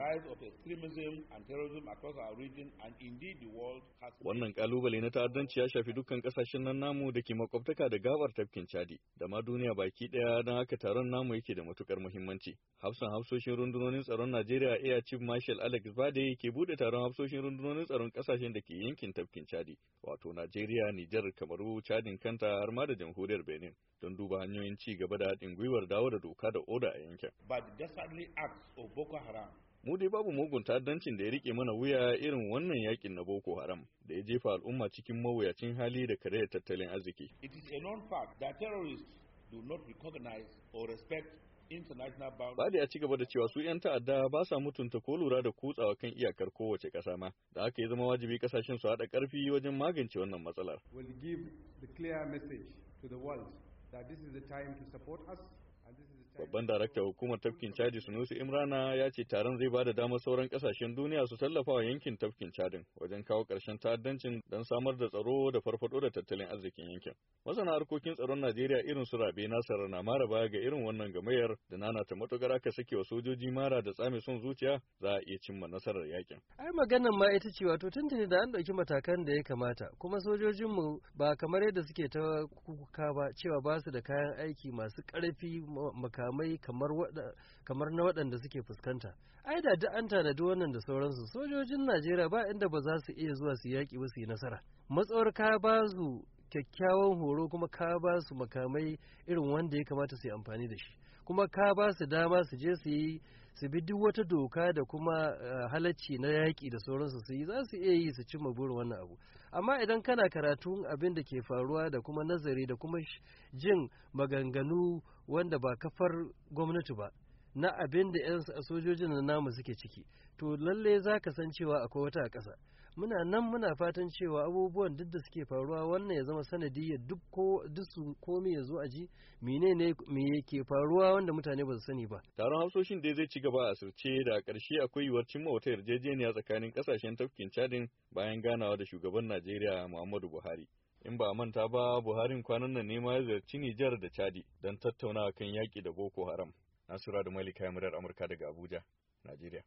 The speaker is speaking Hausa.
rise of extremism and terrorism across our region and indeed the world has Wannan kalubale na ta'addanci ya shafi dukkan kasashen nan namu da ke makwabtaka da gabar tafkin Chadi da ma duniya baki daya dan haka taron namu yake da matukar muhimmanci. Hafsan hafsoshin rundunonin tsaron Najeriya Air Chief Marshal Alex Bade ke bude taron hafsoshin rundunonin tsaron kasashen da ke yankin tafkin Chadi wato Najeriya, Niger, Kamaru, Chadin kanta har ma da jamhuriyar Benin don duba hanyoyin ci gaba da haɗin gwiwar dawo da doka da oda a yankin. But the dastardly acts of Boko Haram mu dai babu mugun ta'addancin da ya rike mana wuya irin wannan yakin na Boko Haram da ya jefa al'umma cikin mawuyacin hali da karayar tattalin arziki. It is a known fact that terrorists do not recognize or respect international boundaries. Ba da ya ci gaba da cewa su 'yan ta'adda ba sa mutunta ko lura da kutsawa kan iyakar kowace ƙasa ma, da haka ya zama wajibi kasashen su haɗa ƙarfi wajen magance wannan matsalar. Will give the clear message to the world that this is the time to support us and this is the Babban darakta hukumar tafkin Chadi Sunusi Imrana ya ce taron zai ba da damar sauran kasashen duniya su tallafa wa yankin tafkin Chadin wajen kawo karshen ta'addancin don samar da tsaro da farfado da tattalin arzikin yankin. Masana harkokin tsaron Najeriya irin su Rabe Nasarar na mara baya ga irin wannan gamayyar da nana ta matukar aka sake wa sojoji mara da tsami son zuciya za a iya cimma nasarar yakin. Ai maganar ma ita ce wato tuntuni da an ɗauki matakan da ya kamata kuma sojojinmu ba kamar yadda suke ta kuka ba cewa ba su da kayan aiki masu ƙarfi makamai makamai kamar na waɗanda suke fuskanta ai da duk an tanadi wannan da sauransu sojojin najeriya ba inda ba za su iya zuwa su yaƙi ba su yi nasara matsawar ka ba su kyakkyawan horo kuma ka ba su makamai irin wanda ya kamata su yi amfani da shi kuma ka ba su dama su je su yi su bi duk wata doka da kuma eh, halacci na yaƙi da sauransu su yi za su iya yi su cimma burin wannan abu amma idan kana karatun abin da ke faruwa da kuma nazari da kuma jin maganganu wanda ba kafar gwamnati ba na abin da 'yan sojojin na namu suke ciki to lalle za ka san cewa akwai wata ƙasa muna nan muna fatan cewa abubuwan duk da suke faruwa wannan ya zama sanadi ya duk ko su komai ya zo a ji menene me yake faruwa wanda mutane ba su sani ba taron hausoshin dai zai ci gaba a asirce da ƙarshe akwai yiwuwar cimma wata yarjejeniya tsakanin kasashen tafkin cadin bayan ganawa da shugaban najeriya muhammadu buhari in ba a manta ba buharin kwanan nan ne ma ya ziyarci nijar da chadi don tattaunawa kan yaƙi da boko haram Nasura da Malika ya murar Amurka daga Abuja, Najeriya.